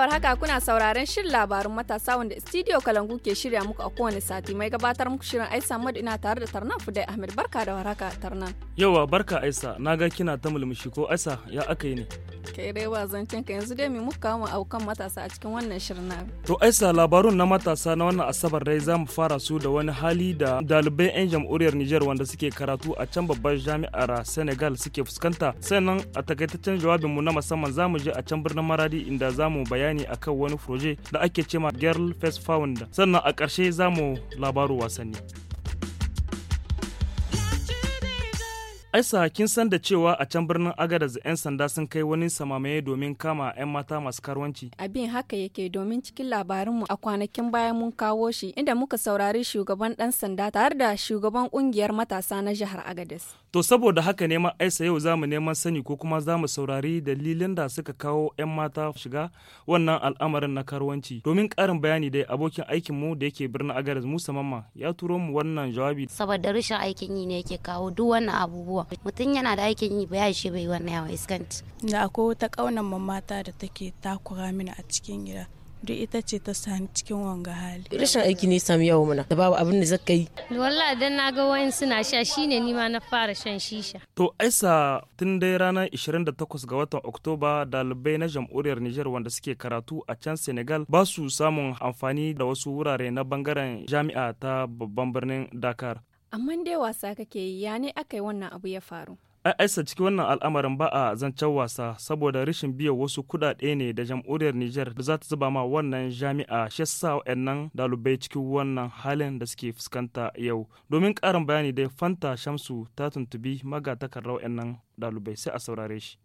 da haka kuna sauraren shirin labarun matasa wanda studio Kalangu ke shirya muku a kowane sati mai gabatar muku shirin Aisa Madu ina tare da Tarnan Fudai Ahmed barka da warhaka Tarnan. yauwa barka Aisa naga kina ta mulmushi ko Aisa ya aka yi ne. Kai dai ba zancen ka yanzu dai mu muka mu aukan matasa a cikin wannan shirin na. To Aisa labarun na matasa na wannan asabar dai za mu fara su da wani hali da dalibai 'yan jamhuriyar niger wanda suke karatu a can babbar jami'ar Senegal suke fuskanta. Sannan a takaitaccen jawabin mu na musamman za mu je a can birnin Maradi inda za mu bayani akan wani proje da ake cema Girl Face Found. Sannan a ƙarshe za mu labaru wasanni. Aisa kin san da cewa a can birnin Agadez 'yan sanda sun kai wani samamaye domin kama 'yan mata masu karwanci Abin haka yake domin cikin labarinmu a kwanakin bayan mun kawo shi inda muka saurari shugaban ɗan sanda tare da shugaban kungiyar matasa na jihar Agadez. To saboda haka ne ma Aisa yau za mu neman sani ko kuma za mu saurari dalilin da suka kawo 'yan mata shiga wannan al'amarin na karuwanci. Domin karin bayani dai abokin aikinmu da yake birnin Agadez Musa Mamma ya turo mu wannan jawabi. Saboda rashin aikin yi ne yake kawo duk wannan abubuwa. mutum yana da aikin yi ba ya shi bai wannan yawa iskant da akwai wata kaunan mamata da take takura mini a cikin gida duk ita ce ta sani cikin wanga hali. Rashin aiki ne sami yawo muna da babu abin da zaka yi. Wallahi dan na ga wayan suna sha shine ni ma na fara shan shisha. To Aisa tun dai ranar 28 ga watan Oktoba dalibai na jamhuriyar niger wanda suke karatu a can Senegal ba su samun amfani da wasu wurare na bangaren jami'a ta babban birnin Dakar. Amma dai wasa kake yi ya ne aka yi wannan abu ya faru? Ai aisa cikin wannan al'amarin ba a zancen wasa saboda rashin biyan wasu kuɗaɗe ne da jam'uriyar Nijar da za ta zuba ma wannan jami'a shi sa wa'annan dalibai cikin wannan halin da suke fuskanta yau. Domin ƙarin bayani dai Fanta Shamsu ta tuntubi magatakar nan dalibai sai a saurare shi.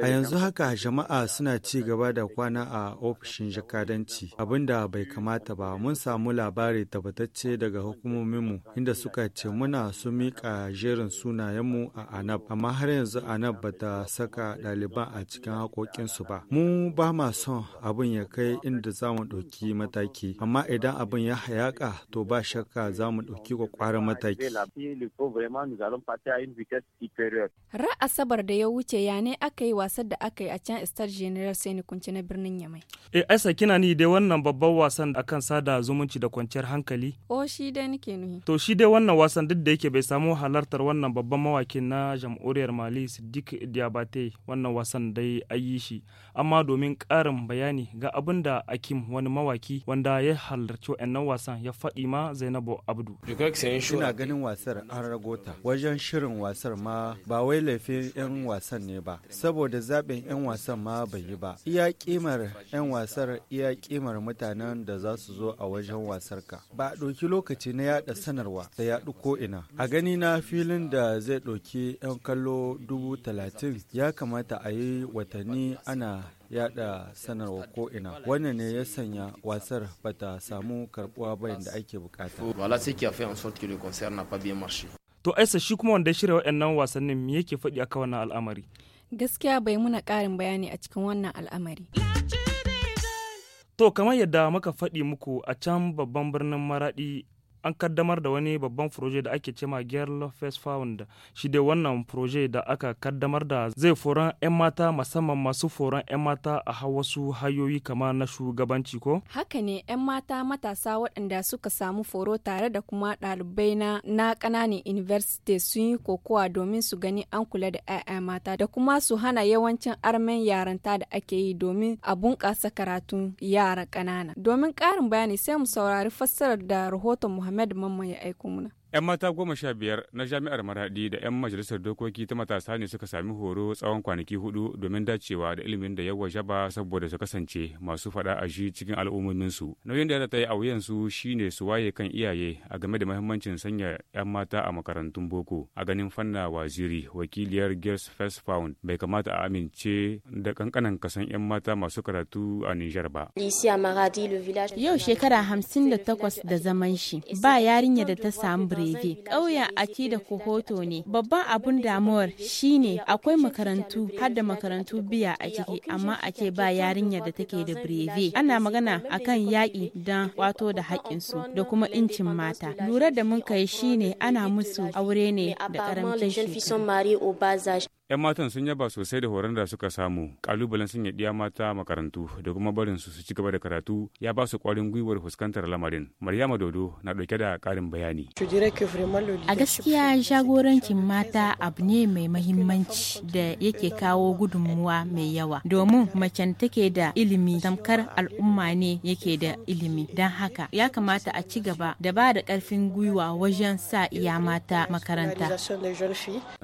A yanzu haka jama'a suna ci gaba da kwana a ofishin jakadanci abinda bai kamata ba mun samu labari tabbatacce daga hukumominmu inda suka ce muna su miƙa jerin sunayenmu a anab amma har yanzu anab ba ta saka ɗaliban a cikin haƙoƙinsu ba. Mu ba ma son abin ya kai inda za mu ɗauki mataki amma idan abin ya hayaƙa to ba shakka za mu ɗauki kwakwaran mataki. Ra'asabar da ya wuce ya ne aka yi wasan da aka yi a can Star General ni kunci na birnin Yamai. E Aisa kina ni dai wannan babban wasan akan sada zumunci da kwanciyar hankali? O shi dai nake nuhi. To shi dai wannan wasan duk da yake bai samu halartar wannan babban mawakin na jam'uriyar Mali Siddiq Diabate wannan wasan dai ayi shi. Amma domin karin bayani ga abin da Akim wani mawaki wanda ya halarci wannan wasan ya faɗi ma Zainabu Abdu. Ina ganin wasar an ragota wajen shirin wasar ma ba wai laifin 'yan wasan ne ba ba saboda zaben 'yan wasan ma bai yi ba iya kimar 'yan wasar iya kimar mutanen da za su zo a wajen wasar ka ba a ɗauki lokaci na yada sanarwa da yaɗu ko ina a gani na filin da zai ɗauki 'yan kallo dubu talatin ya kamata a yi watanni ana yada sanarwa ko ina wannan ne ya sanya wasar bata samu karbuwa bayan da ake bukata to aisa shi kuma wanda shirya wa'annan wasannin me yake faɗi aka wannan al'amari Gaskiya bai muna ƙarin bayani a cikin wannan al'amari. To kamar yadda muka faɗi muku a can babban birnin Maraɗi an kaddamar da wani babban proje da ake cema girl first found shi dai wannan proje da aka kaddamar da zai foran 'yan mata musamman masu foran 'yan mata a wasu hayoyi kama na shugabanci ko haka ne 'yan mata matasa waɗanda suka samu foro tare da kuma ɗalibai na na ƙananan university sun yi kokowa domin su gani an kula da 'ya'ya mata da kuma su hana yawancin armen yaranta da ake yi domin a bunƙasa karatun yara ƙanana domin ƙarin bayani sai mu saurari fassarar da rahoton muhammad Ahmed Mamman ya aiko muna. 'Yan mata goma sha biyar na jami'ar Maradi da 'yan majalisar dokoki ta matasa ne suka sami horo tsawon kwanaki hudu domin dacewa da ilimin da yawa jaba saboda su kasance masu fada a shi cikin al'ummominsu. Nauyin da ya ta yi a wuyansu shine su waye kan iyaye a game da mahimmancin sanya 'yan mata a makarantun boko. A ganin fanna waziri wakiliyar Girls First Found bai kamata a amince da kankanan kasan 'yan mata masu karatu a Nijar ba. Yau shekara hamsin da takwas da zaman shi ba yarinya da ta samu Rive. Ƙauyen Aki da Kohoto ne. Babban abun damuwar shine akwai makarantu har da makarantu biya a ciki amma ake ba yarinya da take da Breve. Ana magana akan yaƙi don wato da haƙƙinsu da kuma incin mata. Lura da mun kai shine ana musu aure ne da ƙarancin shekaru. 'yan matan sun yaba sosai da horon da suka samu kalubalen sun yaɗiya mata makarantu da kuma barin su su ci gaba da karatu ya ba su kwarin gwiwar fuskantar lamarin maryama dodo na ɗauke da ƙarin bayani a gaskiya jagorancin mata abu ne mai mahimmanci da yake kawo gudunmuwa mai yawa domin macen take da ilimi tamkar al'umma ne yake da ilimi don haka ya kamata a ci gaba da ba da ƙarfin gwiwa wajen sa iya mata makaranta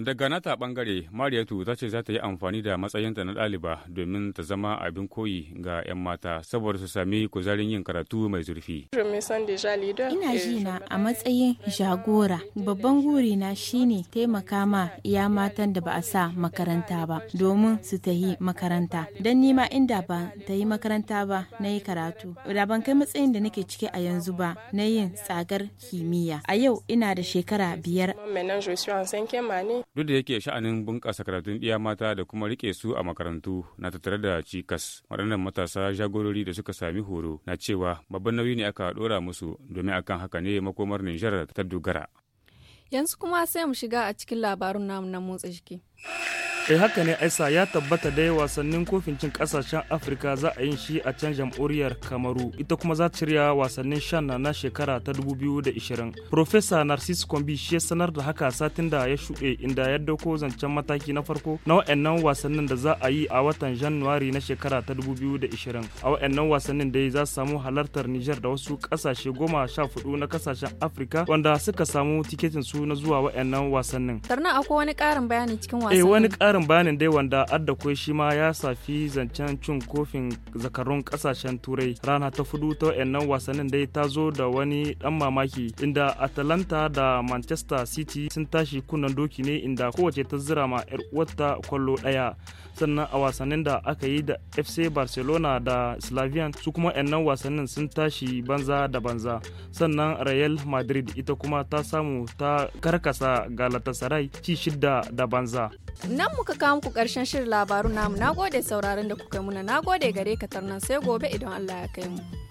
daga nata bangare Mariyatu ta ce za ta yi amfani da matsayinta na ɗaliba domin ta zama abin koyi ga 'yan mata saboda su sami kuzarin yin karatu mai zurfi. Ina ji na a matsayin jagora babban na shine taimaka ma ya matan da ba a sa makaranta ba domin su ta yi makaranta. Don nima inda ba ta yi makaranta ba na yi karatu. Da ban kai matsayin da nake ciki a yanzu ba na yin tsagar kimiyya. A yau ina da shekara biyar. Duk da yake sha'anin bunƙasa bunƙasa karatun ɗiya mata da kuma riƙe su a makarantu na tattare da cikas waɗannan matasa jagorori da suka sami horo na cewa babban nauyi ne aka ɗora musu domin akan haka ne makomar nijar ta dogara yanzu kuma sai mu shiga a cikin labarun namu na motsa jiki. eh haka ne aisa ya tabbata dai wasannin kofin cin kasashen afirka za a yin shi a can jamhuriyar kamaru ita kuma za ta wasannin shan na shekara ta 2020 profesa narcis kombi shi ya sanar da haka satin da ya shuɗe inda ya dauko zancen mataki na farko na wa'annan wasannin da za a yi a watan januwari na shekara ta 2020 a wa'annan wasannin dai za su samu halartar niger da wasu kasashe goma sha fudu na kasashen afirka wanda suka samu tiketin su na zuwa wa'annan wasannin. Tarna akwai wani ƙarin bayani cikin eh, wasannin. ƙarin bayanin dai wanda adda shi ma ya safi zancen cin kofin zakarun kasashen turai rana ta fudu ta wayannan wasannin dai ta zo da wani dan mamaki inda atalanta da manchester city sun tashi kunan doki ne inda kowace ta zira ma yar uwarta kwallo daya sannan a wasannin da aka yi da fc barcelona da slavian su kuma yannan wasannin sun tashi banza da banza sannan real madrid ita kuma ta samu ta karkasa galatasaray ci shidda da banza Nan muka kawo muku ƙarshen shirin labaru namu. Nagode sauraron da kuka muna. Nagode gare ka tarnan sai gobe idan Allah ya kai mu.